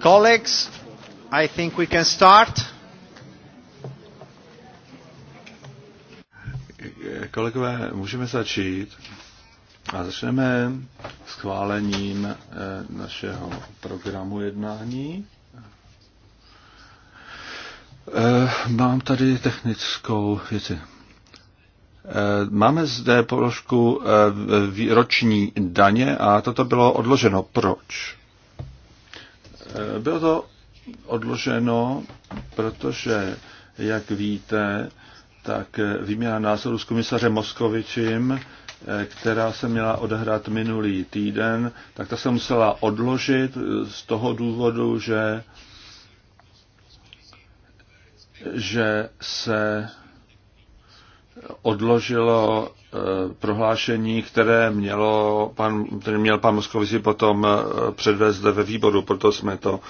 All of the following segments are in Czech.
Colleagues, I think we can start. Kolegové, můžeme začít a začneme schválením eh, našeho programu jednání. Eh, mám tady technickou věci. Eh, máme zde položku roční daně a toto bylo odloženo. Proč? Eh, bylo to odloženo, protože, jak víte, tak výměna názoru s komisařem Moskovičem, eh, která se měla odehrát minulý týden, tak ta se musela odložit z toho důvodu, že že se odložilo Eh, prohlášení, které, mělo pan, které měl pan Moskovici potom eh, předvést ve výboru, proto jsme to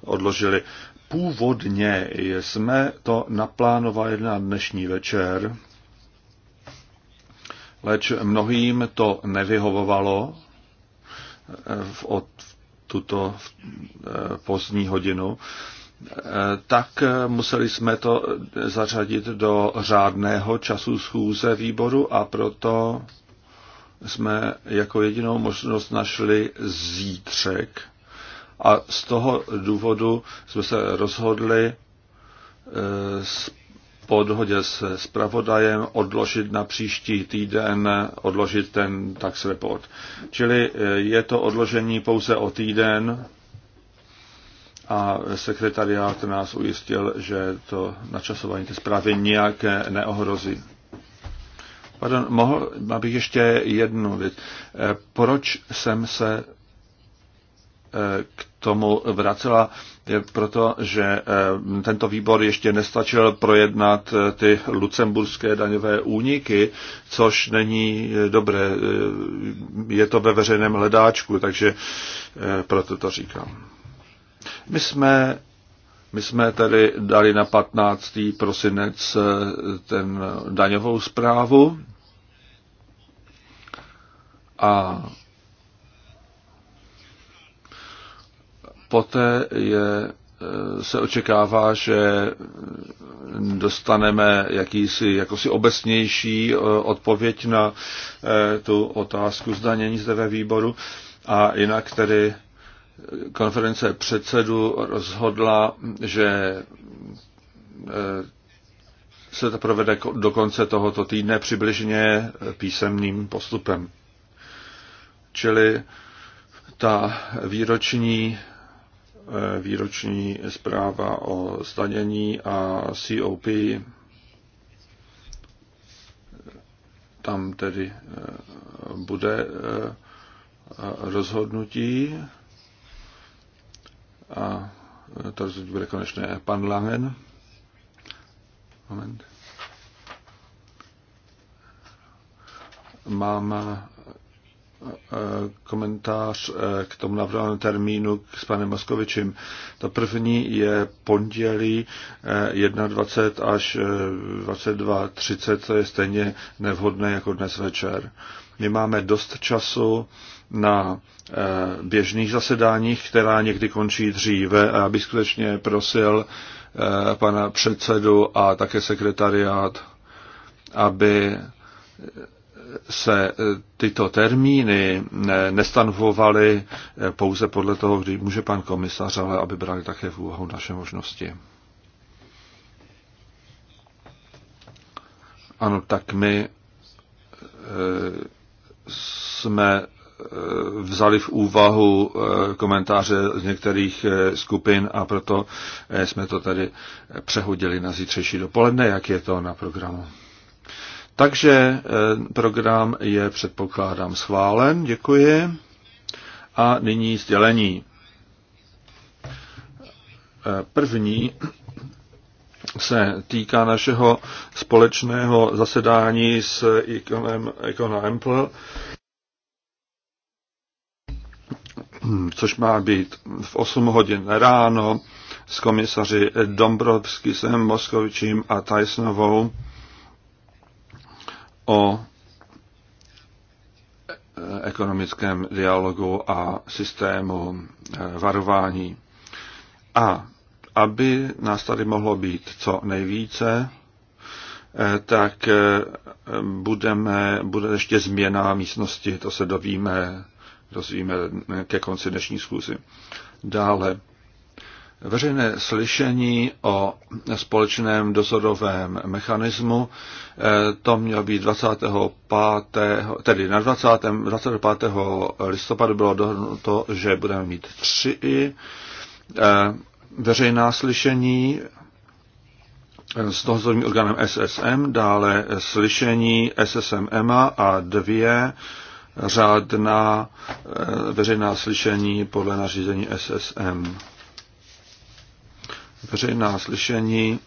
odložili. Původně jsme to naplánovali na dnešní večer, leč mnohým to nevyhovovalo eh, v, od, v tuto v, pozdní hodinu tak museli jsme to zařadit do řádného času schůze výboru a proto jsme jako jedinou možnost našli zítřek. A z toho důvodu jsme se rozhodli eh, po dohodě s zpravodajem odložit na příští týden, odložit ten tax report. Čili eh, je to odložení pouze o týden, a sekretariát nás ujistil, že to načasování té zprávy nijak neohrozí. Pardon, mohl bych ještě jednu věc. Eh, proč jsem se eh, k tomu vracela? Je proto, že eh, tento výbor ještě nestačil projednat ty lucemburské daňové úniky, což není dobré. Je to ve veřejném hledáčku, takže proto to říkám. My jsme, my jsme tedy dali na 15. prosinec eh, ten daňovou zprávu a poté je, eh, se očekává, že dostaneme jakýsi jakosi obecnější eh, odpověď na tu otázku zdanění zde ve výboru a jinak tedy konference předsedů rozhodla, že eh, se to provede do konce tohoto týdne přibližně písemným postupem. Čili ta výroční, eh, výroční zpráva o zdanění a COP, tam tedy eh, bude rozhodnutí a to rozhodnutí bude konečné. Pan Langen. Moment. Mám E, komentář e, k tomu navrhovanému termínu s panem Moskovičem. To první je pondělí 21 e, až 22.30, to je stejně nevhodné jako dnes večer. My máme dost času na běžných zasedáních, která někdy končí dříve a já bych skutečně prosil pana předsedu a také sekretariát, aby se e, tyto termíny e, nestanovovaly e, pouze podle toho, kdy může pan komisař, ale aby brali také v úvahu naše možnosti. Ano, tak my jsme vzali v úvahu komentáře z některých skupin a proto jsme to tady přehodili na zítřejší dopoledne, jak je to na programu. Takže eh, program je předpokládám schválen, děkuji. A nyní sdělení. Eh, první se týká našeho společného zasedání s ikonem Econem Ample, což má být v 8 hodin ráno s komisaři Dombrovským, Moskovičím a Tysonovou o e, ekonomickém dialogu a systému e, varování. A aby nás tady mohlo být co nejvíce, e, tak budeme, bude ještě změna místnosti, to se dovíme, dozvíme ke konci dnešní schůzy. Dále veřejné slyšení o společném dozorovém mechanismu. Eh, to mělo být 25. tedy na 20. 25. listopadu bylo dohodnuto, že budeme mít tři eh, veřejná slyšení eh, s dozorovým orgánem SSM, dále slyšení SSM EMA a dvě řádná veřejná slyšení podle nařízení SSM veřejná slyšení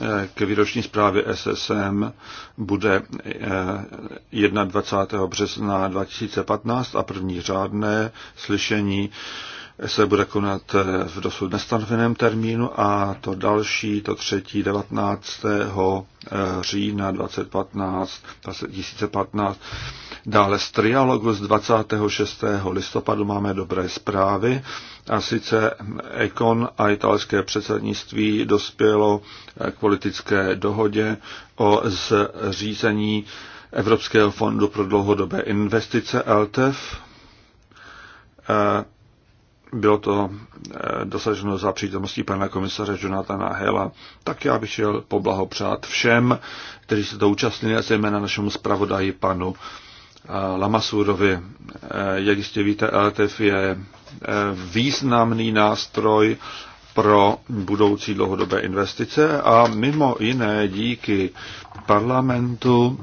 eh, k výroční zprávě SSM bude 21. Eh, března 2015 a první řádné slyšení se bude konat eh, v dosud nestanoveném termínu a to další, to třetí, 19. Eh, října 2015, 2015. Dále z trialogu z 26. listopadu máme dobré zprávy a sice Ekon a italské předsednictví dospělo eh, k politické dohodě o zřízení Evropského fondu pro dlouhodobé investice e LTEF bylo to eh, dosaženo za přítomností pana komisaře Jonathana Hela, tak já bych chtěl poblahopřát všem, kteří se to účastnili, a zejména našemu zpravodaji panu eh, Lamasurovi. Eh, jak jistě víte, LTF je významný nástroj pro budoucí dlouhodobé investice a mimo jiné díky parlamentu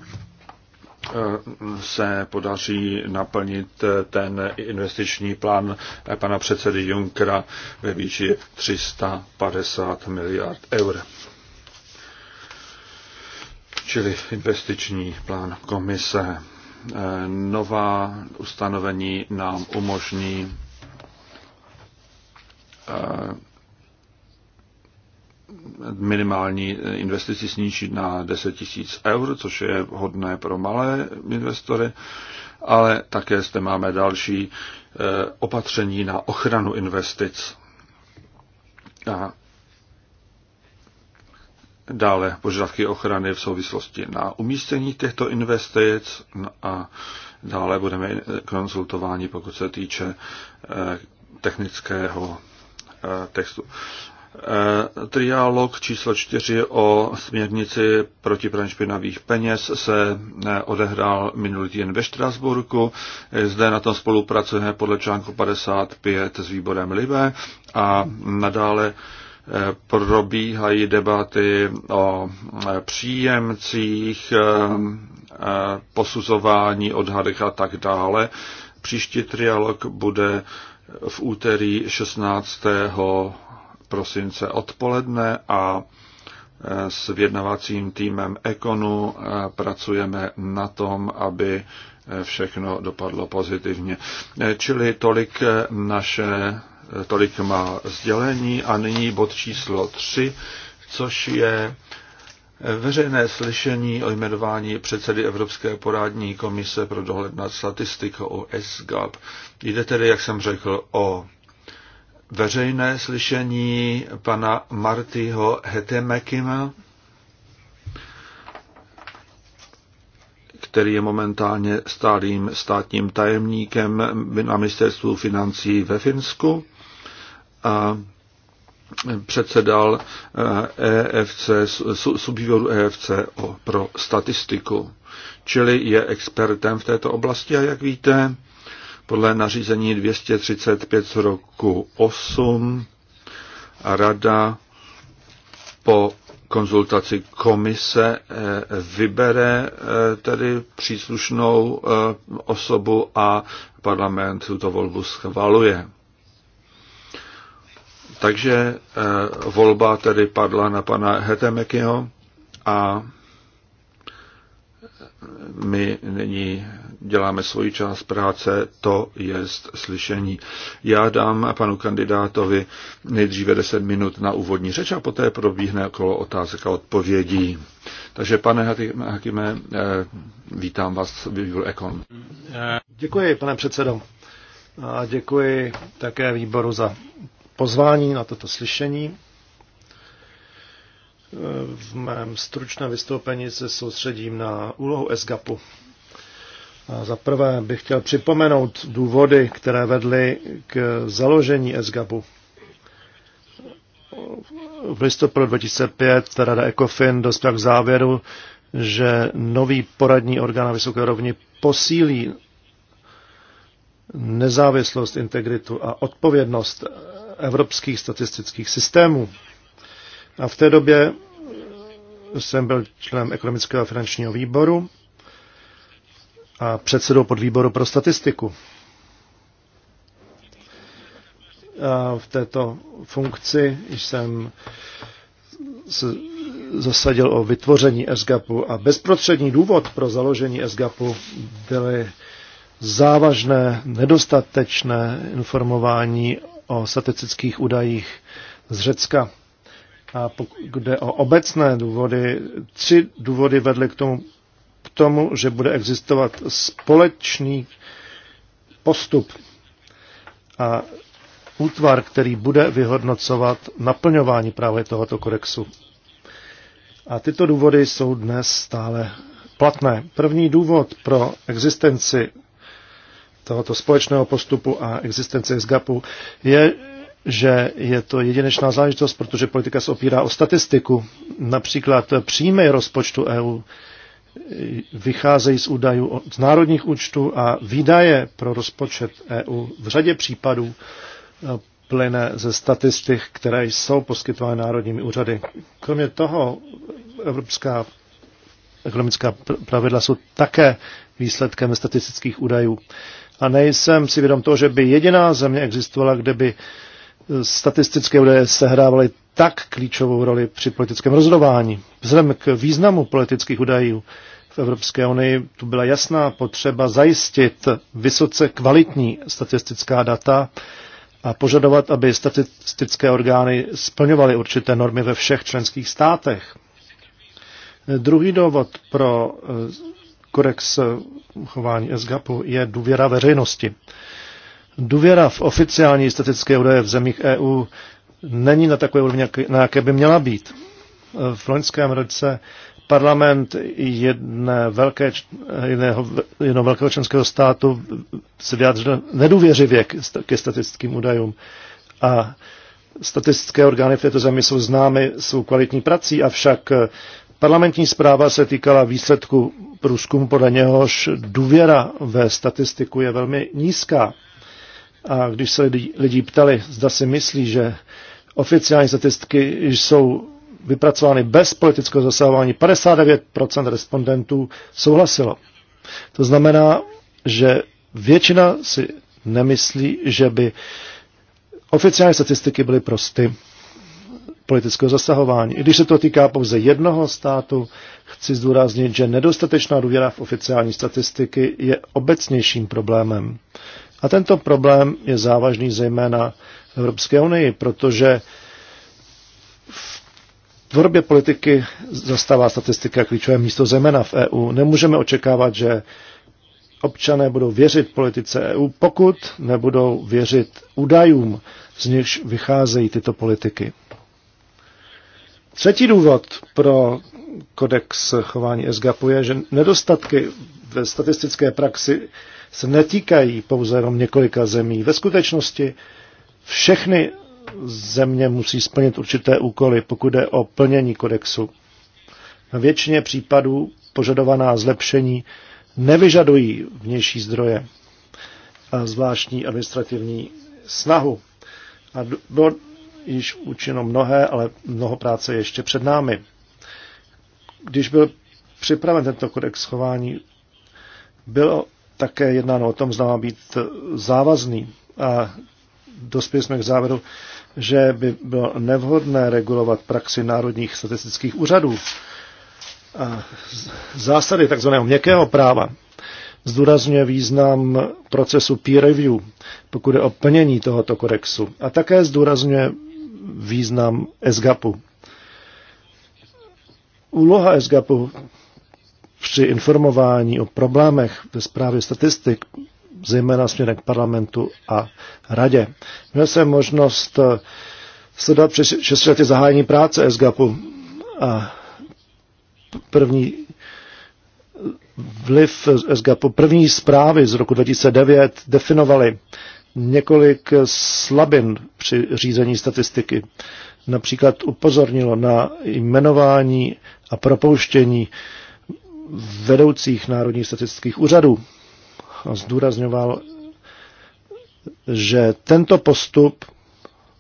se podaří naplnit ten investiční plán pana předsedy Junckera ve výši 350 miliard eur. Čili investiční plán komise. Nová ustanovení nám umožní eh, minimální investici snížit na 10 tisíc eur, což je hodné pro malé investory, ale také zde máme další eh, opatření na ochranu investic. A dále požadavky ochrany v souvislosti na umístění těchto investic no a dále budeme konzultováni, pokud se týče eh, technického eh, textu. Eh, trialog číslo 4 o směrnici proti praní špinavých peněz se eh, odehrál minulý týden ve Štrasburku. Eh, zde na tom spolupracujeme podle článku 55 s výborem Libe a nadále probíhají debaty o příjemcích, posuzování, odhadech a tak dále. Příští trialog bude v úterý 16 prosince odpoledne a e, s vědnavacím týmem Ekonu e, pracujeme na tom, aby e, všechno dopadlo pozitivně. Čili tolik naše, tolik má sdělení a nyní bod číslo 3, což je veřejné slyšení o jmenování předsedy Evropské porádní komise pro dohled nad statistikou o SGAP. Jde tedy, jak jsem řekl, o veřejné slyšení pana Martyho Hetemekima, který je momentálně stálým státním tajemníkem na ministerstvu financí ve Finsku a předsedal EFC, eh, e subvýboru EFC pro statistiku, čili je expertem v této oblasti a jak víte, podle nařízení 235 z roku 8 a rada po konzultaci komise eh, vybere eh, tedy příslušnou eh, osobu a parlament tuto volbu schvaluje. Takže volba tedy padla na pana Hetemekyho a my nyní děláme svoji část práce, to je slyšení. Já dám panu kandidátovi nejdříve 10 minut na úvodní řeč a poté probíhne kolo otázek a odpovědí. Takže pane Hakime, eh, vítám vás v výboru Ekon. Děkuji, pane předsedo. A děkuji také výboru za pozvání na toto slyšení. V mém stručném vystoupení se soustředím na úlohu SGAPu za prvé bych chtěl připomenout důvody, které vedly k založení SGABu. V listopadu 2005 Rada ECOFIN dospěl k závěru, že nový poradní orgán na vysoké rovni posílí nezávislost, integritu a odpovědnost evropských statistických systémů. A v té době jsem byl členem ekonomického a finančního výboru a předsedou podvýboru pro statistiku. A v této funkci jsem se zasadil o vytvoření SGAPu a bezprostřední důvod pro založení SGAPu byly závažné, nedostatečné informování o statistických údajích z Řecka. A pokud jde o obecné důvody, tři důvody vedly k tomu tomu, že bude existovat společný postup a útvar, který bude vyhodnocovat naplňování právě tohoto kodexu. A tyto důvody jsou dnes stále platné. První důvod pro existenci tohoto společného postupu a existenci SGAPu je, že je to jedinečná záležitost, protože politika se opírá o statistiku. Například příjmy rozpočtu EU vycházejí z údajů z národních účtů a výdaje pro rozpočet EU v řadě případů e, plyne ze statistik, které jsou poskytovány národními úřady. Kromě toho evropská ekonomická pravidla jsou také výsledkem statistických údajů. A nejsem si vědom toho, že by jediná země existovala, kde by statistické údaje sehrávaly tak klíčovou roli při politickém rozhodování. Vzhledem k významu politických údajů v Evropské unii tu byla jasná potřeba zajistit vysoce kvalitní statistická data a požadovat, aby statistické orgány splňovaly určité normy ve všech členských státech. Druhý důvod pro eh, korex eh, chování SGAPu je důvěra veřejnosti. Důvěra v oficiální statické údaje v zemích EU není na takové úrovni, na jaké by měla být. V loňském roce parlament jedné velké, jedného, jednoho velkého členského státu se vyjádřil nedůvěřivě ke statistickým údajům. A statistické orgány v této zemi jsou známy svou kvalitní prací, avšak parlamentní zpráva se týkala výsledku průzkumu, podle něhož důvěra ve statistiku je velmi nízká a když se lidi, lidi ptali, zda si myslí, že oficiální statistiky jsou vypracovány bez politického zasahování, 59% respondentů souhlasilo. To znamená, že většina si nemyslí, že by oficiální statistiky byly prosty politického zasahování. I když se to týká pouze jednoho státu, chci zdůraznit, že nedostatečná důvěra v oficiální statistiky je obecnějším problémem. A tento problém je závažný zejména v Evropské unii, protože v tvorbě politiky zastává statistika klíčové místo zejména v EU. Nemůžeme očekávat, že občané budou věřit politice EU, pokud nebudou věřit údajům, z nichž vycházejí tyto politiky. Třetí důvod pro kodex chování SGAPu je, že nedostatky ve statistické praxi se netýkají pouze jenom několika zemí. Ve skutečnosti všechny země musí splnit určité úkoly, pokud jde o plnění kodexu. Na většině případů požadovaná zlepšení nevyžadují vnější zdroje a zvláštní administrativní snahu. A bylo již učeno mnohé, ale mnoho práce ještě před námi. Když byl připraven tento kodex chování, bylo také jednáno o tom, zda má být závazný. A dospěli jsme k závěru, že by bylo nevhodné regulovat praxi národních statistických úřadů. A zásady tzv. měkkého práva zdůrazňuje význam procesu peer review, pokud je o plnění tohoto kodexu. A také zdůrazňuje význam SGAPu. Úloha SGAPu při informování o problémech ve zprávě statistik, zejména směrem k parlamentu a radě. Měl jsem možnost eh, sledovat při 6 lety zahájení práce SGAPu a první vliv SGAPu, první zprávy z roku 2009 definovaly několik slabin při řízení statistiky. Například upozornilo na jmenování a propouštění vedoucích národních statistických úřadů a zdůrazňoval, že tento postup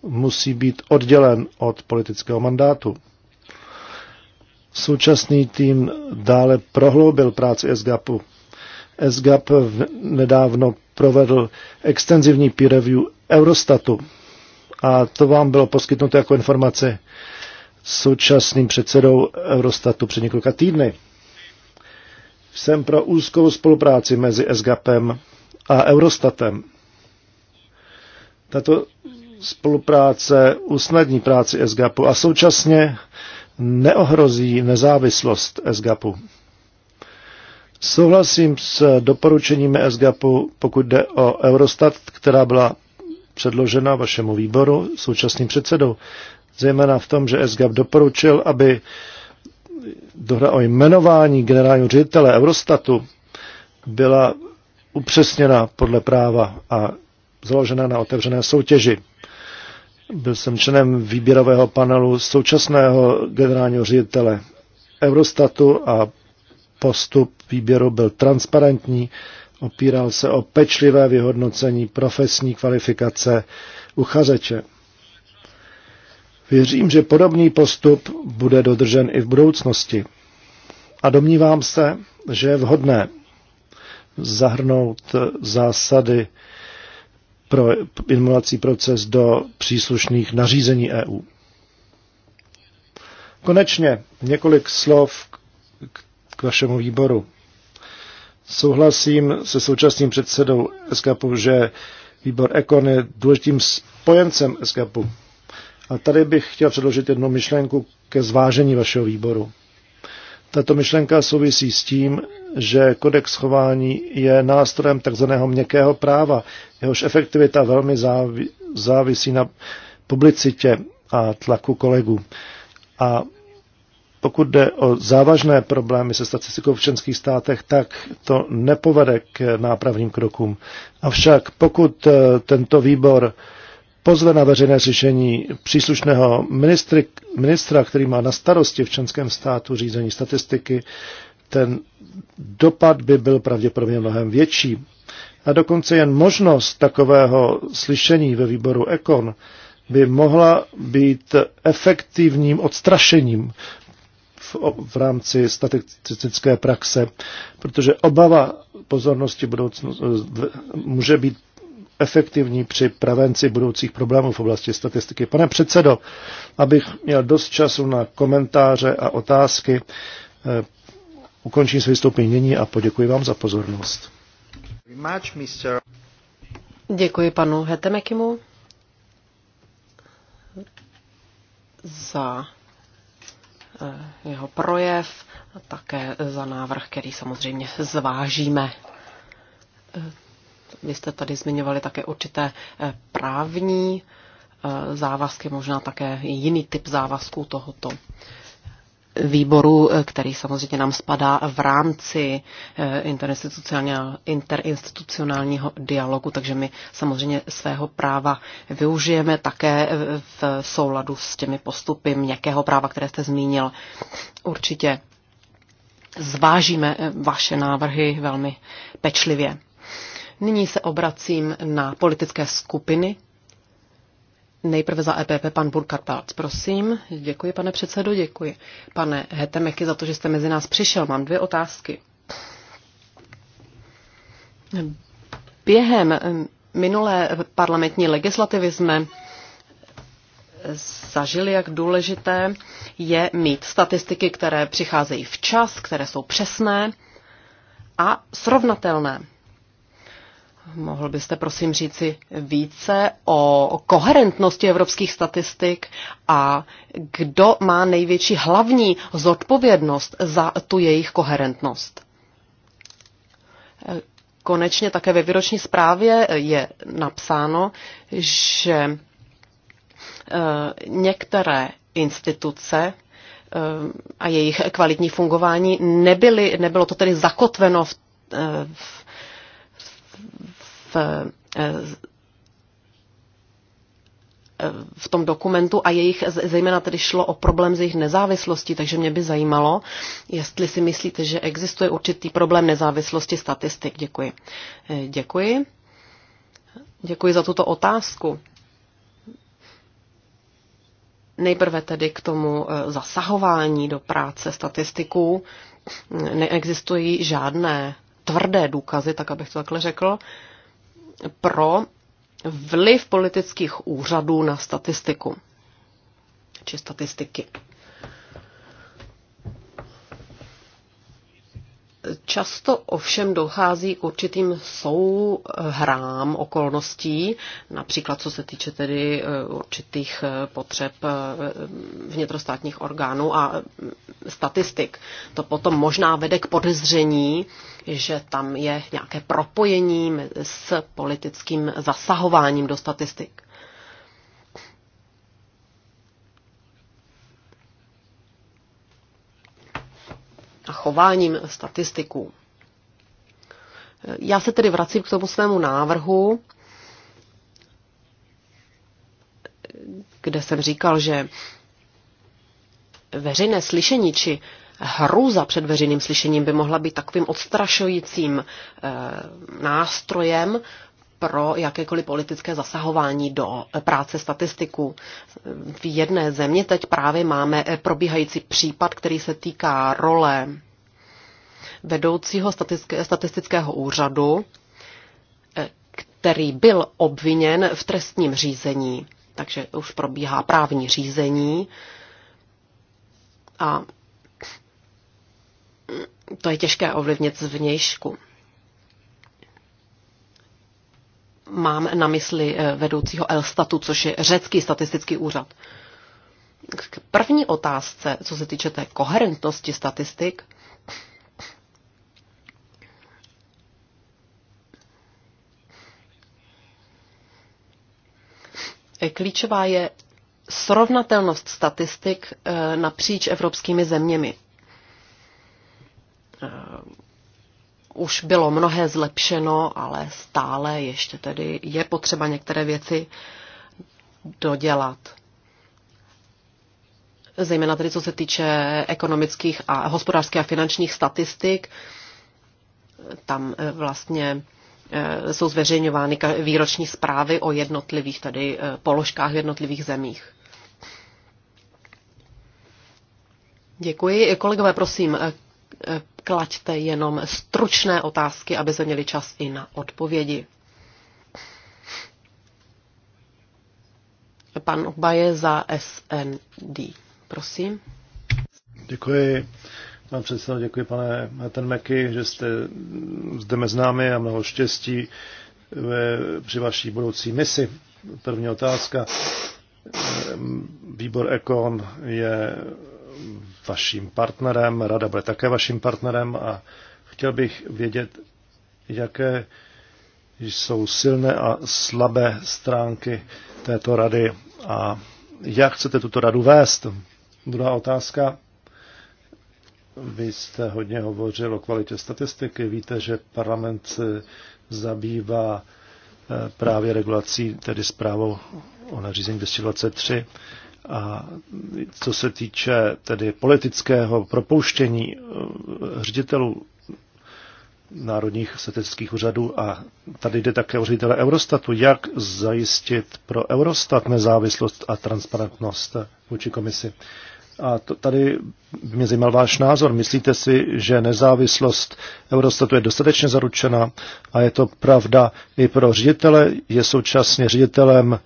musí být oddělen od politického mandátu. Současný tým dále prohloubil práci SGAPu. SGAP nedávno provedl extenzivní peer review Eurostatu a to vám bylo poskytnuto jako informace současným předsedou Eurostatu před několika týdny. Jsem pro úzkou spolupráci mezi SGAPem a Eurostatem. Tato spolupráce usnadní práci SGAPu a současně neohrozí nezávislost SGAPu. Souhlasím s doporučeními SGAPu, pokud jde o Eurostat, která byla předložena vašemu výboru současným předsedou, zejména v tom, že SGAP doporučil, aby dohoda o jmenování generálního ředitele Eurostatu byla upřesněna podle práva a založena na otevřené soutěži. Byl jsem členem výběrového panelu současného generálního ředitele Eurostatu a postup výběru byl transparentní, opíral se o pečlivé vyhodnocení profesní kvalifikace uchazeče. Věřím, že podobný postup bude dodržen i v budoucnosti. A domnívám se, že je vhodné zahrnout zásady pro inovací proces do příslušných nařízení EU. Konečně několik slov k vašemu výboru. Souhlasím se současným předsedou SKPu, že výbor Ekon je důležitým spojencem SKPu a tady bych chtěl předložit jednu myšlenku ke zvážení vašeho výboru. Tato myšlenka souvisí s tím, že kodex chování je nástrojem takzvaného měkkého práva. Jehož efektivita velmi závi, závisí na publicitě a tlaku kolegů. A pokud jde o závažné problémy se statistikou v členských státech, tak to nepovede k nápravním krokům. Avšak pokud eh, tento výbor pozve na veřejné řešení příslušného ministry, ministra, který má na starosti v členském státu řízení statistiky, ten dopad by byl pravděpodobně mnohem větší. A dokonce jen možnost takového slyšení ve výboru Ekon by mohla být efektivním odstrašením v, v rámci statistické praxe, protože obava pozornosti budoucnu, eh, může být efektivní při prevenci budoucích problémů v oblasti statistiky. Pane předsedo, abych měl dost času na komentáře a otázky, eh, ukončím své vystoupení nyní a poděkuji vám za pozornost. Děkuji panu Hetemekimu za eh, jeho projev a také za návrh, který samozřejmě zvážíme. Eh, vy jste tady zmiňovali také určité eh, právní eh, závazky, možná také jiný typ závazků tohoto výboru, eh, který samozřejmě nám spadá v rámci interinstitucionálního dialogu, takže my samozřejmě svého práva využijeme také v souladu s těmi postupy měkkého práva, které jste zmínil. Určitě zvážíme vaše návrhy velmi pečlivě. Nyní se obracím na politické skupiny. Nejprve za EPP pan Burkartác, prosím. Děkuji, pane předsedo, děkuji. Pane Hetemeky, za to, že jste mezi nás přišel. Mám dvě otázky. Během minulé parlamentní legislativy jsme zažili, jak důležité je mít statistiky, které přicházejí včas, které jsou přesné a srovnatelné. Mohl byste prosím říci více o koherentnosti evropských statistik a kdo má největší hlavní zodpovědnost za tu jejich koherentnost? Konečně také ve výroční zprávě je napsáno, že eh, některé instituce eh, a jejich kvalitní fungování nebyly, nebylo to tedy zakotveno v, eh, v v eh, v tom dokumentu a jejich, zejména tedy šlo o problém s jejich nezávislostí, takže mě by zajímalo, jestli si myslíte, že existuje určitý problém nezávislosti statistik. Děkuji. Eh, děkuji. Děkuji za tuto otázku. Nejprve tedy k tomu eh, zasahování do práce statistiků. Neexistují žádné tvrdé důkazy, tak abych to takhle řekl, pro vliv politických úřadů na statistiku či statistiky. Často ovšem dochází k určitým souhrám okolností, například co se týče tedy e, určitých e, potřeb e, vnitrostátních orgánů a statistik. To potom možná vede k podezření, že tam je nějaké propojení s politickým zasahováním do statistik. chováním statistiků. Já se tedy vracím k tomu svému návrhu, kde jsem říkal, že veřejné slyšení či hrůza před veřejným slyšením by mohla být takovým odstrašujícím eh, nástrojem pro jakékoliv politické zasahování do eh, práce statistiků. V jedné země teď právě máme eh, probíhající případ, který se týká role vedoucího statistického úřadu, eh, který byl obviněn v trestním řízení. Takže už probíhá právní řízení. A to je těžké ovlivnit zvnějšku. Mám na mysli eh, vedoucího Elstatu, což je řecký statistický úřad. K první otázce, co se týče té koherentnosti statistik, Klíčová je srovnatelnost statistik eh, napříč evropskými zeměmi. Eh, už bylo mnohé zlepšeno, ale stále ještě tedy je potřeba některé věci dodělat. Zejména tedy co se týče ekonomických a hospodářských a finančních statistik, tam eh, vlastně Eh, jsou zveřejňovány výroční zprávy o jednotlivých tady eh, položkách v jednotlivých zemích. Děkuji. Kolegové, prosím, eh, klaďte jenom stručné otázky, aby se měli čas i na odpovědi. Pan Obaje za SND. Prosím. Děkuji. Pane předsedo, děkuji pane Tenmeky, že jste zde mezi námi a mnoho štěstí při vaší budoucí misi. První otázka. Výbor Ekon je vaším partnerem, rada bude také vaším partnerem a chtěl bych vědět, jaké jsou silné a slabé stránky této rady a jak chcete tuto radu vést. Druhá otázka vy jste hodně hovořil o kvalitě statistiky. Víte, že parlament se zabývá eh, právě regulací, tedy zprávou o nařízení 223. A co se týče tedy politického propouštění eh, ředitelů národních statistických úřadů a tady jde také o ředitele Eurostatu, jak zajistit pro Eurostat nezávislost a transparentnost vůči komisi. A to, tady mě zajímal váš názor. Myslíte si, že nezávislost Eurostatu je dostatečně zaručena a je to pravda i pro ředitele, je současně ředitelem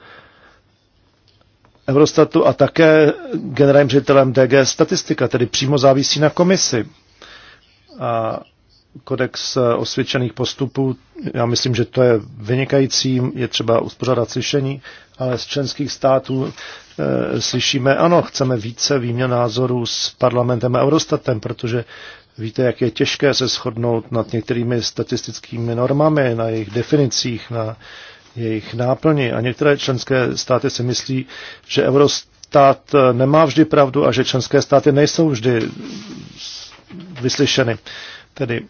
Eurostatu a také generálním ředitelem DG Statistika, tedy přímo závisí na komisi. A kodex eh, osvědčených postupů. Já myslím, že to je vynikající, je třeba uspořádat slyšení, ale z členských států e, slyšíme, ano, chceme více výměn názorů s parlamentem a Eurostatem, protože víte, jak je těžké se shodnout nad některými statistickými normami, na jejich definicích, na jejich náplni. A některé členské státy si myslí, že Eurostat eh, nemá vždy pravdu a že členské státy nejsou vždy vyslyšeny. Tedy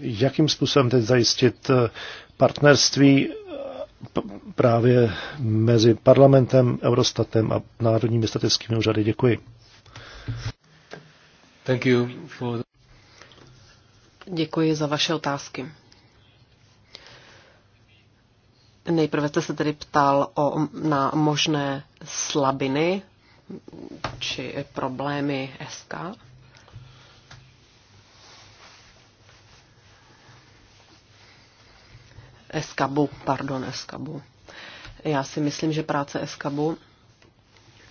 jakým způsobem teď zajistit eh, partnerství eh, právě mezi parlamentem, Eurostatem a národními statickými úřady. Děkuji. Thank you for... Děkuji za vaše otázky. Nejprve jste se tedy ptal o, na možné slabiny či problémy SK. ESCABu, pardon, ESCABu. Já si myslím, že práce ESCABu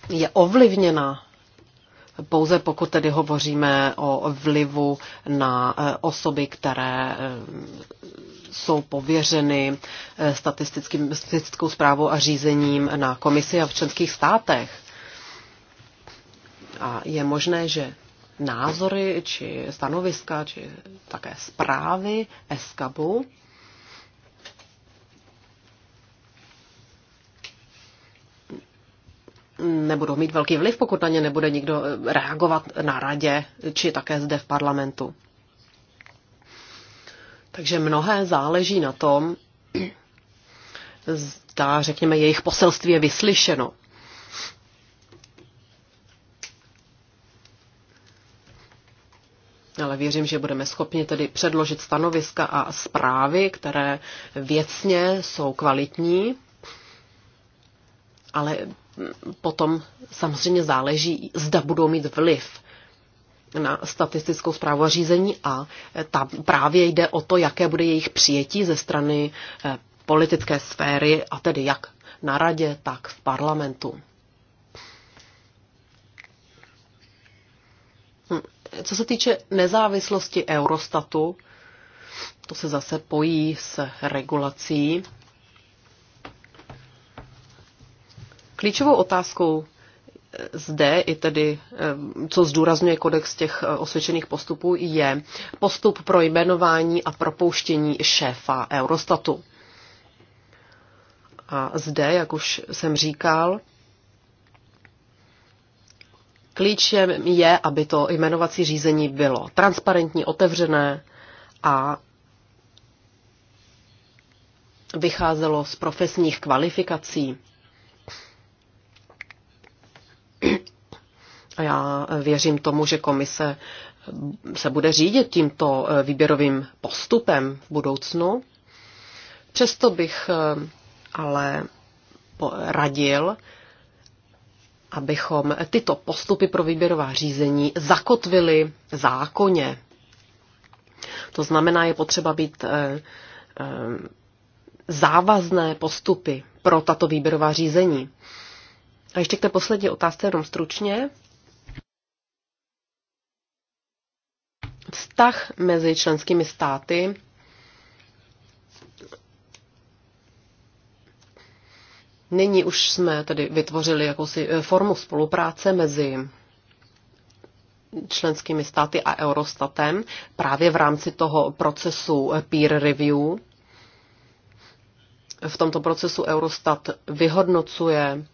je ovlivněna pouze pokud tedy hovoříme o vlivu na e, osoby, které e, jsou pověřeny e, statistickou zprávou a řízením na komisi a v členských státech. A je možné, že názory či stanoviska či také zprávy ESCABu nebudou mít velký vliv, pokud na ně nebude nikdo eh, reagovat na radě či také zde v parlamentu. Takže mnohé záleží na tom, zda, řekněme, jejich poselství je vyslyšeno. ale věřím, že budeme schopni tedy předložit stanoviska a zprávy, které věcně jsou kvalitní, ale potom samozřejmě záleží, zda budou mít vliv na statistickou zprávu a řízení a tam právě jde o to, jaké bude jejich přijetí ze strany eh, politické sféry a tedy jak na radě, tak v parlamentu. Hm. Co se týče nezávislosti Eurostatu, to se zase pojí s regulací Klíčovou otázkou eh, zde i tedy, eh, co zdůrazňuje kodex těch eh, osvědčených postupů, je postup pro jmenování a propouštění šéfa Eurostatu. A zde, jak už jsem říkal, klíčem je, aby to jmenovací řízení bylo transparentní, otevřené a vycházelo z profesních kvalifikací A já věřím tomu, že komise se bude řídit tímto eh, výběrovým postupem v budoucnu. Přesto bych eh, ale radil, abychom tyto postupy pro výběrová řízení zakotvili zákoně. To znamená, je potřeba být eh, závazné postupy pro tato výběrová řízení. A ještě k té poslední otázce jenom stručně. vztah mezi členskými státy Nyní už jsme tedy vytvořili jakousi eh, formu spolupráce mezi členskými státy a Eurostatem právě v rámci toho procesu eh, peer review. V tomto procesu Eurostat vyhodnocuje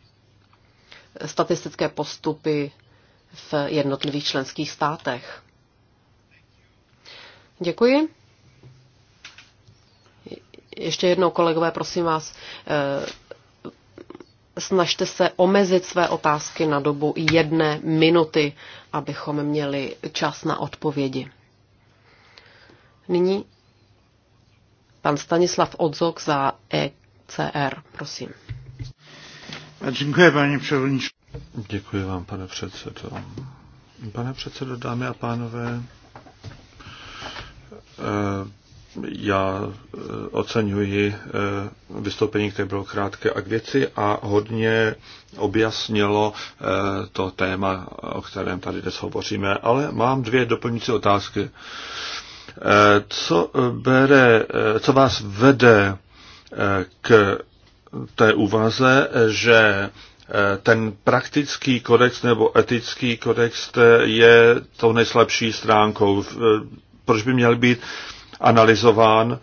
statistické postupy v jednotlivých členských státech. Děkuji. Ještě jednou, kolegové, prosím vás, eh, snažte se omezit své otázky na dobu jedné minuty, abychom měli čas na odpovědi. Nyní pan Stanislav Odzok za ECR, prosím. Děkuji, paní předsedající. Děkuji vám, pane předsedo. Pane předsedo, dámy a pánové, Eh, já eh, oceňuji eh, vystoupení, které bylo krátké a k věci a hodně objasnilo to téma, o kterém tady dnes hovoříme, ale mám dvě doplňující otázky. Co, bere, co vás vede k té úvaze, že ten praktický kodex nebo etický kodex je tou nejslabší stránkou proč by měl být analyzován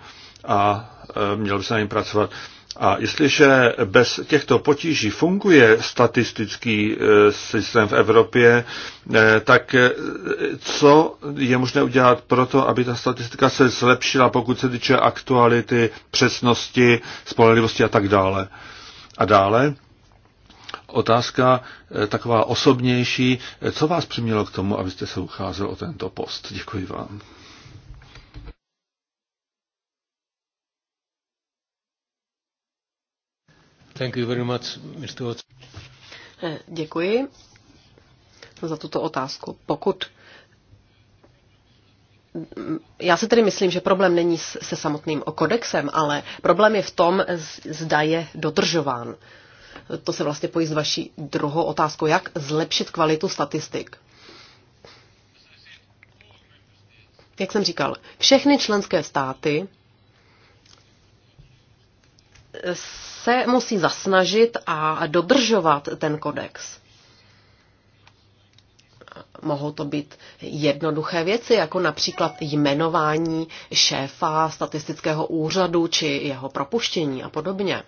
a e, měl by se na něm pracovat. A jestliže bez těchto potíží funguje statistický e, systém v Evropě, e, tak co je možné udělat pro to, aby ta statistika se zlepšila, pokud se týče aktuality, přesnosti, spolehlivosti a tak dále. A dále otázka taková osobnější. Co vás přimělo k tomu, abyste se ucházel o tento post? Děkuji vám. Thank you very much, Mr. Eh, děkuji za tuto otázku. Pokud mm, já si tedy myslím, že problém není se samotným kodexem, ale problém je v tom, zda je dodržován. To se vlastně pojí s vaší druhou otázkou, jak zlepšit kvalitu statistik. Jak jsem říkal, všechny členské státy se musí zasnažit a dodržovat ten kodex. Mohou to být jednoduché věci, jako například jmenování šéfa statistického úřadu či jeho propuštění a podobně.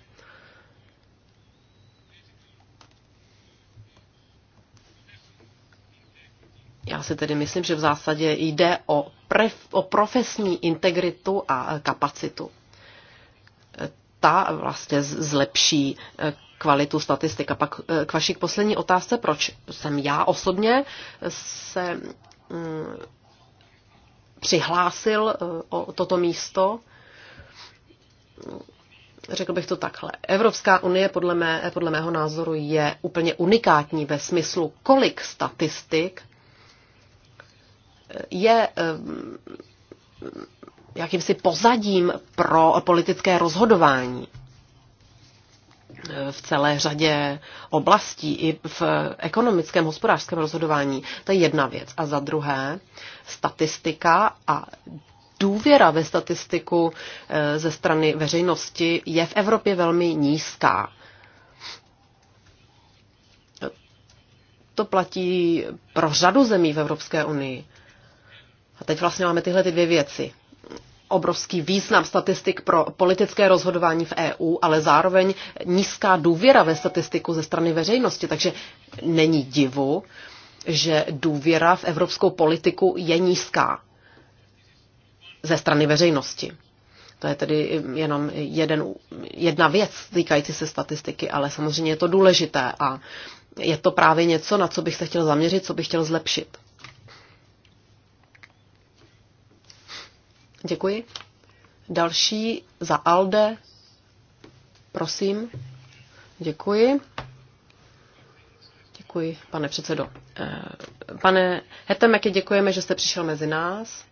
Já si tedy myslím, že v zásadě jde o, pref, o profesní integritu a kapacitu ta vlastně zlepší eh, kvalitu statistika. Pak eh, k vaší poslední otázce, proč jsem já osobně se mm, přihlásil eh, o toto místo. Řekl bych to takhle. Evropská unie podle, mé, podle mého názoru je úplně unikátní ve smyslu, kolik statistik je jakýmsi pozadím pro politické rozhodování v celé řadě oblastí i v ekonomickém, hospodářském rozhodování. To je jedna věc. A za druhé, statistika a důvěra ve statistiku eh, ze strany veřejnosti je v Evropě velmi nízká. To platí pro řadu zemí v Evropské unii. A teď vlastně máme tyhle ty dvě věci obrovský význam statistik pro politické rozhodování v EU, ale zároveň nízká důvěra ve statistiku ze strany veřejnosti. Takže není divu, že důvěra v evropskou politiku je nízká ze strany veřejnosti. To je tedy jenom jeden, jedna věc týkající se statistiky, ale samozřejmě je to důležité a je to právě něco, na co bych se chtěl zaměřit, co bych chtěl zlepšit. Děkuji. Další za Alde. Prosím. Děkuji. Děkuji, pane předsedo. Eh, pane Hetemeke, děkujeme, že jste přišel mezi nás.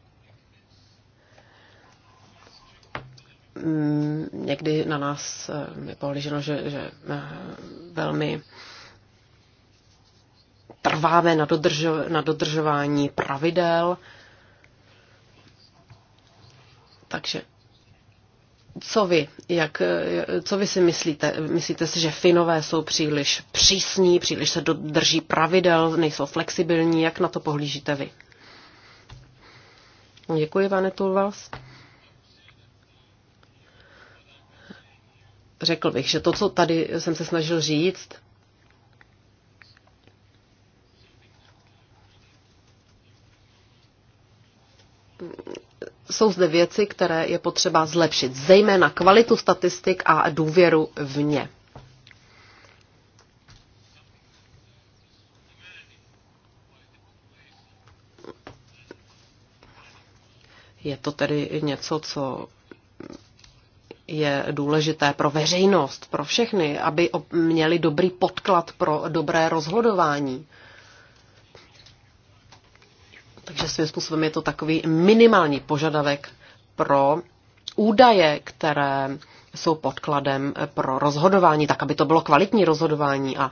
Mm, někdy na nás eh, je pohliženo, že, že eh, velmi trváme na, dodržo, na dodržování pravidel. Takže co vy, jak, co vy si myslíte? Myslíte si, že Finové jsou příliš přísní, příliš se drží pravidel, nejsou flexibilní? Jak na to pohlížíte vy? Děkuji, pane Tulvals. Řekl bych, že to, co tady jsem se snažil říct, jsou zde věci, které je potřeba zlepšit, zejména kvalitu statistik a důvěru v ně. Je to tedy něco, co je důležité pro veřejnost, pro všechny, aby měli dobrý podklad pro dobré rozhodování svým způsobem je to takový minimální požadavek pro údaje, které jsou podkladem pro rozhodování, tak aby to bylo kvalitní rozhodování a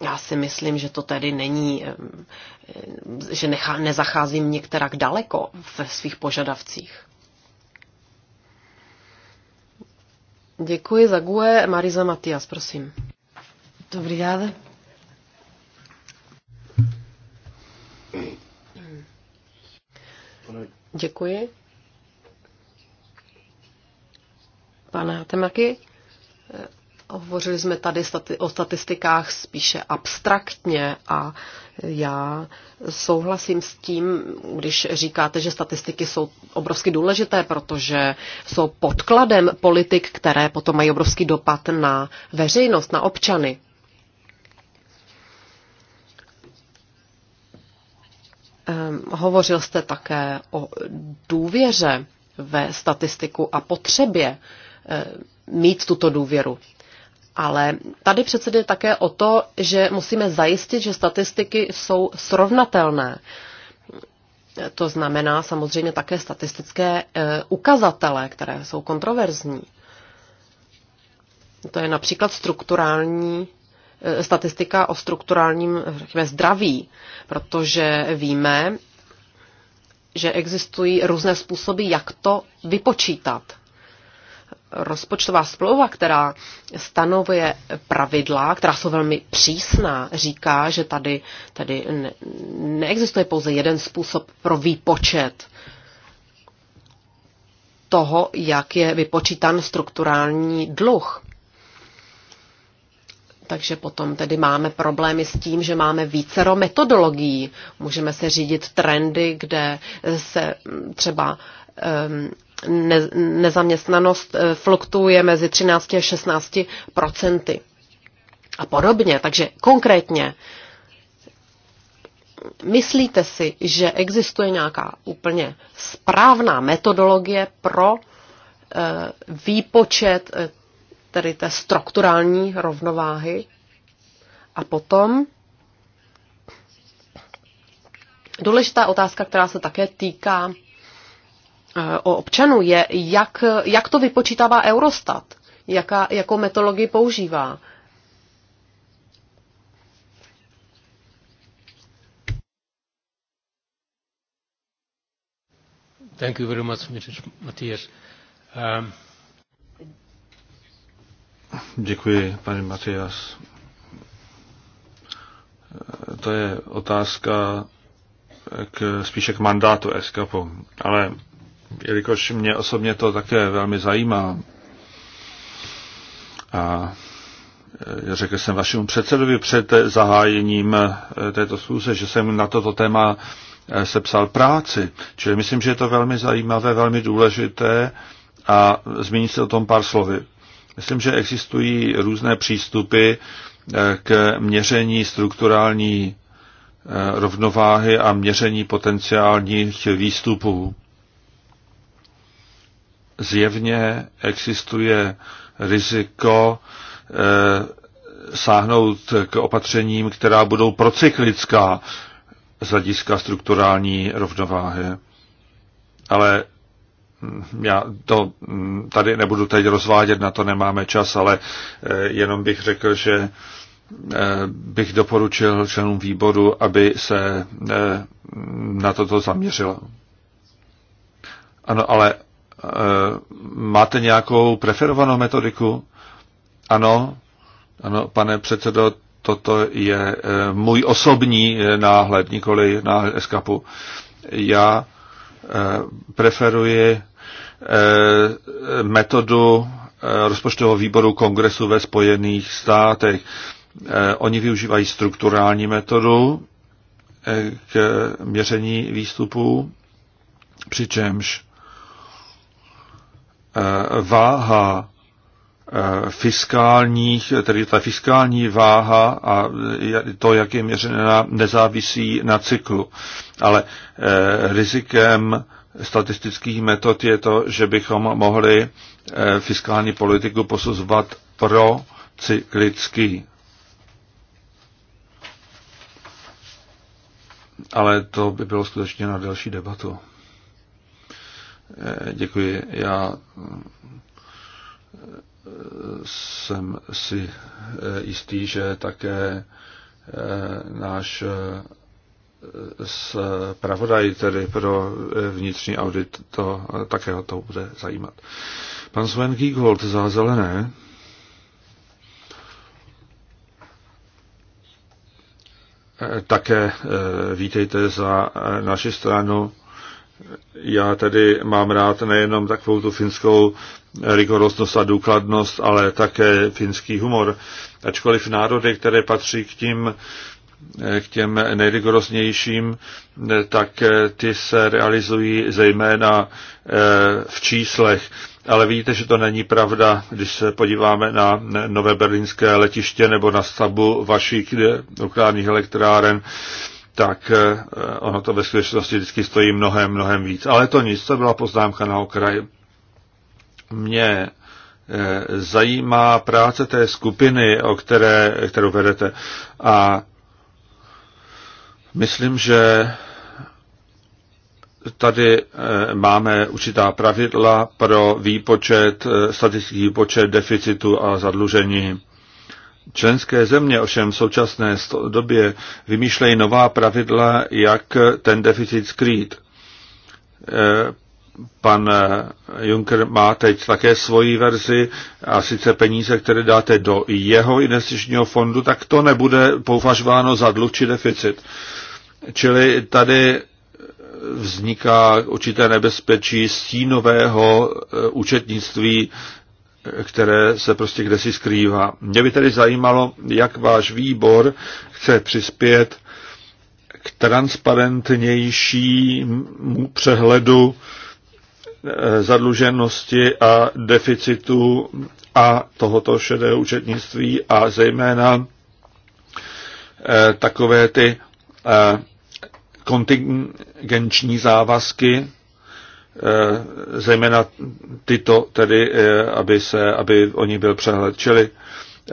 já si myslím, že to tedy není, eh, že nechá, nezacházím některak daleko ve svých požadavcích. Děkuji za GUE. Marisa Matias, prosím. Dobrý den. Děkuji. Pane Temaky, hovořili jsme tady o statistikách spíše abstraktně a já souhlasím s tím, když říkáte, že statistiky jsou obrovsky důležité, protože jsou podkladem politik, které potom mají obrovský dopad na veřejnost, na občany. Ehm, hovořil jste také o důvěře ve statistiku a potřebě ehm, mít tuto důvěru. Ale tady přece jde také o to, že musíme zajistit, že statistiky jsou srovnatelné. To znamená samozřejmě také statistické eh, ukazatele, které jsou kontroverzní. To je například strukturální statistika o strukturálním řekněme, zdraví, protože víme, že existují různé způsoby, jak to vypočítat. Rozpočtová smlouva, která stanovuje pravidla, která jsou velmi přísná, říká, že tady, tady ne, neexistuje pouze jeden způsob pro výpočet toho, jak je vypočítán strukturální dluh. Takže potom tedy máme problémy s tím, že máme vícero metodologií. Můžeme se řídit trendy, kde se mm, třeba ehm, ne, nezaměstnanost eh, fluktuje mezi 13 a 16 procenty a podobně. Takže konkrétně, myslíte si, že existuje nějaká úplně správná metodologie pro eh, výpočet eh, tedy té strukturální rovnováhy. A potom důležitá otázka, která se také týká eh, o občanů, je, jak, jak to vypočítává Eurostat, jaká, jakou metodologii používá. Thank you very much, Mr. Matthias. Um, Děkuji, pane Matias. To je otázka k, spíše k mandátu ESCAPu, ale jelikož mě osobně to také velmi zajímá a e, řekl jsem vašemu předsedovi před zahájením e, této schůze, že jsem na toto téma e, sepsal práci. Čili myslím, že je to velmi zajímavé, velmi důležité a zmíní se o tom pár slovy. Myslím, že existují různé přístupy eh, k měření strukturální eh, rovnováhy a měření potenciálních výstupů. Zjevně existuje riziko eh, sáhnout k opatřením, která budou procyklická z hlediska strukturální rovnováhy. Ale já to mm, tady nebudu teď rozvádět, na to nemáme čas, ale eh, jenom bych řekl, že eh, bych doporučil členům výboru, aby se eh, na toto zaměřilo. Ano, ale máte nějakou preferovanou metodiku? Ano, ano, pane předsedo, toto je můj osobní náhled, nikoli náhled eskapu. Já preferuji Eh, metodu eh, rozpočtového výboru kongresu ve Spojených státech. Eh, oni využívají strukturální metodu k měření výstupů, přičemž váha fiskálních, tedy ta fiskální váha a to, jak je měřena, nezávisí na cyklu. Ale rizikem statistických metod je to, že bychom mohli eh, fiskální politiku posuzovat pro cyklický. Ale to by bylo skutečně na další debatu. Eh, děkuji. Já eh, jsem si jistý, že také náš s pravodaj tedy pro vnitřní audit, to také ho to bude zajímat. Pan Sven Giegold za zelené. Také eh, vítejte za eh, naši stranu. Já tedy mám rád nejenom takovou tu finskou rigoroznost a důkladnost, ale také finský humor. Ačkoliv národy, které patří k tím k těm nejrigoroznějším, tak ty se realizují zejména e, v číslech. Ale vidíte, že to není pravda, když se podíváme na nové berlínské letiště nebo na stavbu vašich e, nukleárních elektráren, tak e, ono to ve skutečnosti vždycky stojí mnohem, mnohem víc. Ale to nic, to byla poznámka na okraji. Mě zajímá práce té skupiny, o které, kterou vedete. A Myslím, že tady eh, máme určitá pravidla pro výpočet, eh, statistický výpočet deficitu a zadlužení. Členské země ovšem v současné době vymýšlejí nová pravidla, jak ten deficit skrýt. Eh, pan Juncker má teď také svoji verzi a sice peníze, které dáte do jeho investičního fondu, tak to nebude považováno za dluh či deficit. Čili tady vzniká určité nebezpečí stínového eh, účetnictví, eh, které se prostě kde si skrývá. Mě by tedy zajímalo, jak váš výbor chce přispět k transparentnějšímu přehledu eh, zadluženosti a deficitu a tohoto šedého účetnictví a zejména takové ty kontingenční závazky, eh, zejména tyto tedy, eh, aby, se, aby o nich byl přehled. Čili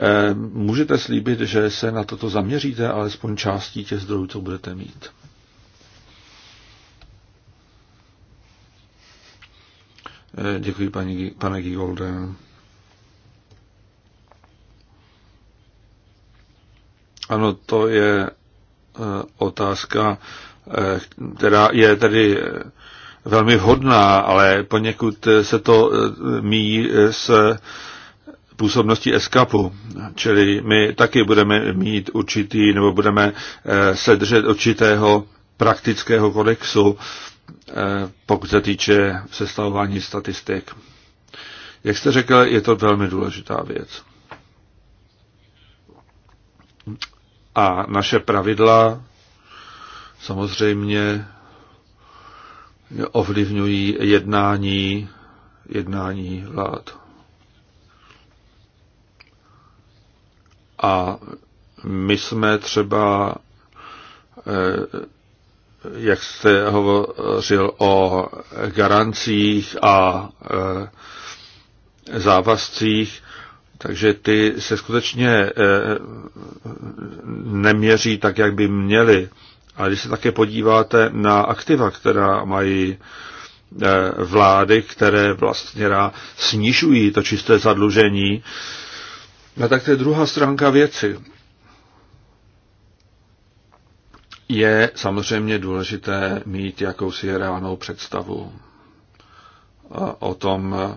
eh, můžete slíbit, že se na toto zaměříte, alespoň částí těch zdrojů, co budete mít. Děkuji, paní, pane Gigolde. Ano, to je otázka Eh, která je tedy eh, velmi vhodná, ale poněkud eh, se to míjí s působností ESCAPu, čili my taky budeme mít určitý, nebo budeme se držet určitého praktického kodexu, pokud se týče sestavování statistik. Jak jste řekl, je to velmi důležitá věc. A naše pravidla samozřejmě ovlivňují jednání, jednání vlád. A my jsme třeba, eh, jak jste hovořil o garancích a eh, závazcích, takže ty se skutečně eh, neměří tak, jak by měly. A když se také podíváte na aktiva, která mají eh, vlády, které vlastně snižují to čisté zadlužení, no tak to je druhá stránka věci. Je samozřejmě důležité mít jakousi reálnou představu eh, o tom, eh,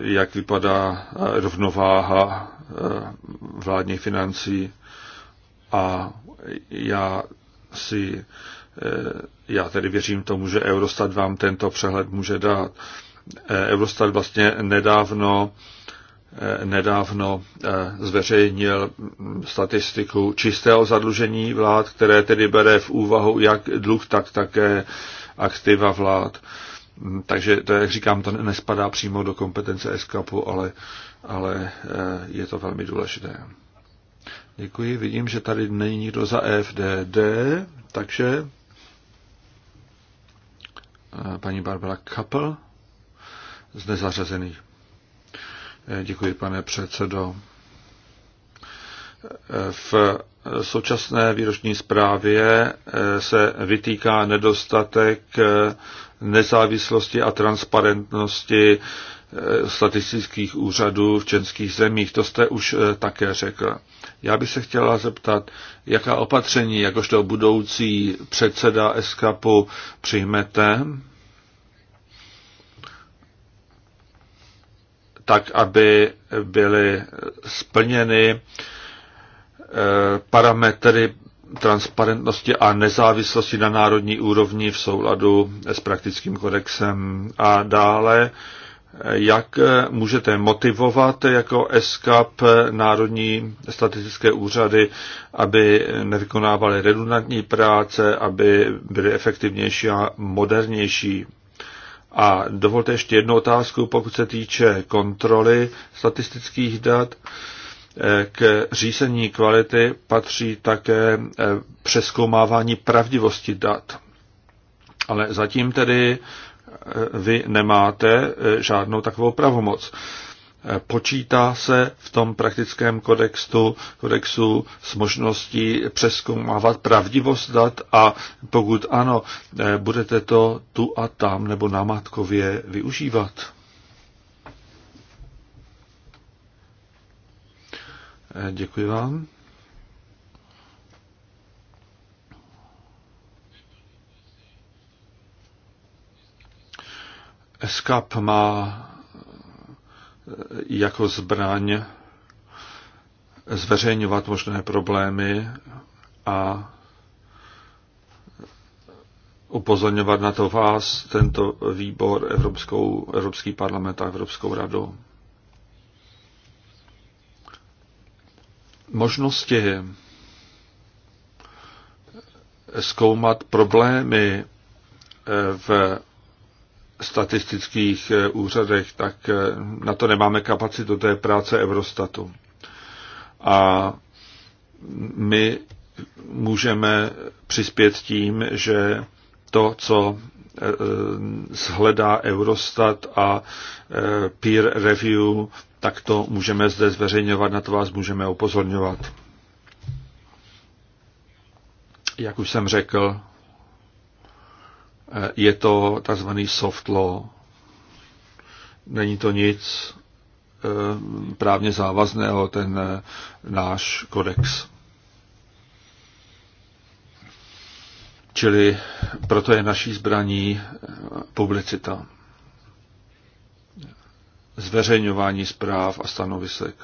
jak vypadá rovnováha vládních financí a já si, eh, já tedy věřím tomu, že Eurostat vám tento přehled může dát. Eh, Eurostat vlastně nedávno eh, nedávno zveřejnil statistiku čistého zadlužení vlád, které tedy bere v úvahu jak dluh, tak také aktiva vlád. Mm, takže to, jak říkám, to nespadá přímo do kompetence ESCAPu, ale, ale je to velmi důležité. Děkuji. Vidím, že tady není nikdo za e FDD, takže eh, paní Barbara Kapel z nezařazených. Eh, děkuji, pane předsedo. Eh, v současné výroční zprávě se vytýká nedostatek nezávislosti a transparentnosti statistických úřadů v českých zemích. To jste už také řekl. Já bych se chtěla zeptat, jaká opatření, jakožto budoucí předseda SKPu přijmete, tak, aby byly splněny eh, parametry transparentnosti a nezávislosti na národní úrovni v souladu s praktickým kodexem. A dále jak můžete motivovat jako ESCAP národní statistické úřady, aby nevykonávaly redundantní práce, aby byly efektivnější a modernější. A dovolte ještě jednu otázku, pokud se týče kontroly statistických dat. K řízení kvality patří také eh, přeskoumávání pravdivosti dat. Ale zatím tedy vy nemáte eh, žádnou takovou pravomoc. Eh, počítá se v tom praktickém kodextu, kodexu s možností přeskoumávat pravdivost dat a pokud ano, eh, budete to tu a tam nebo na matkově využívat. Děkuji vám. Eskap má eh, jako zbraň zveřejňovat možné problémy a upozorňovat na to vás, tento výbor, Evropskou, Evropský parlament a Evropskou radu. Možnosti zkoumat problémy eh, v statistických eh, úřadech, tak eh, na to nemáme kapacitu, to je práce Eurostatu. A my můžeme přispět tím, že to, co eh, shledá Eurostat a peer review, tak to můžeme zde zveřejňovat, na to vás můžeme upozorňovat. Jak už jsem řekl, je to tzv. soft law. Není to nic eh, právně závazného, ten eh, náš kodex. Čili proto je naší zbraní eh, publicita, zveřejňování zpráv a stanovisek.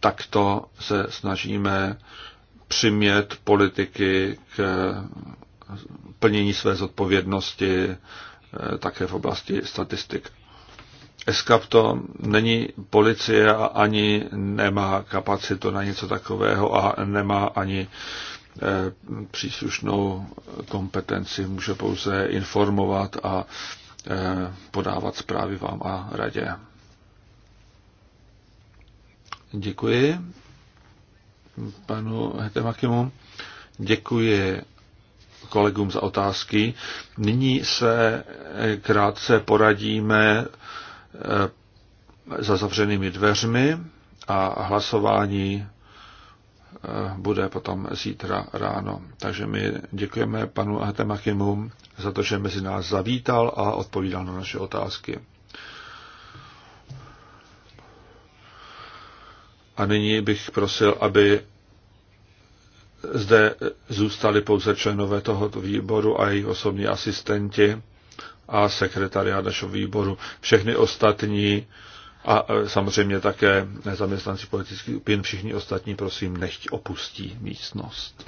Takto se snažíme přimět politiky k eh, plnění své zodpovědnosti eh, také v oblasti statistik. Eskapto to není policie a ani nemá kapacitu na něco takového a nemá ani eh, příslušnou kompetenci. Může pouze informovat a podávat zprávy vám a radě. Děkuji panu Hetemakimu. Děkuji kolegům za otázky. Nyní se eh, krátce poradíme eh, za zavřenými dveřmi a hlasování eh, bude potom zítra ráno. Takže my děkujeme panu Hetemakimu za to, že mezi nás zavítal a odpovídal na naše otázky. A nyní bych prosil, aby zde zůstali pouze členové tohoto výboru a jejich osobní asistenti a sekretariát našeho výboru. Všechny ostatní a e, samozřejmě také zaměstnanci politických skupin, všichni ostatní, prosím, nechť opustí místnost.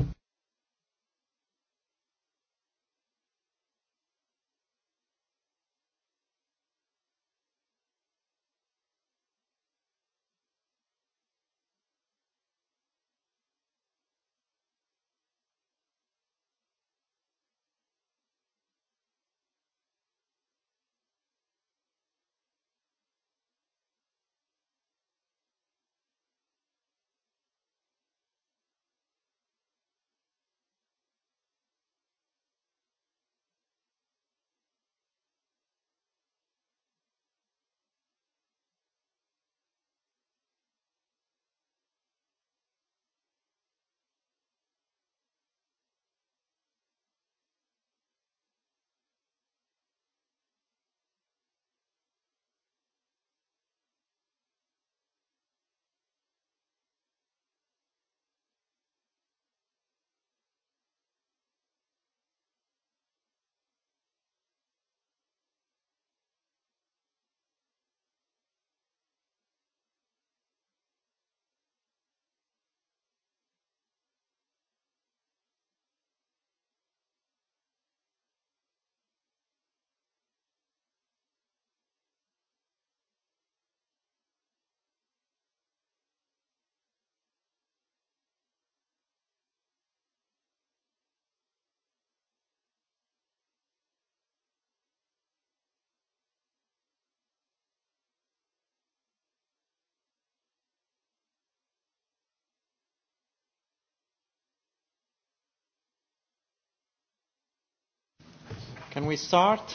Can we start?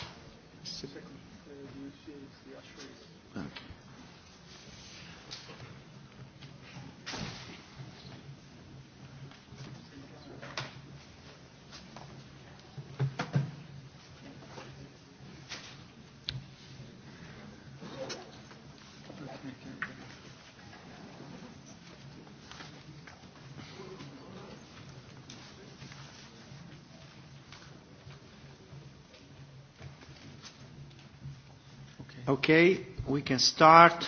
Okay, we can start.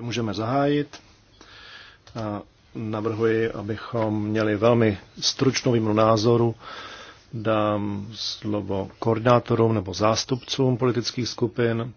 Můžeme zahájit. A navrhuji, abychom měli velmi stručnou výměnu názoru. Dám slovo koordinátorům nebo zástupcům politických skupin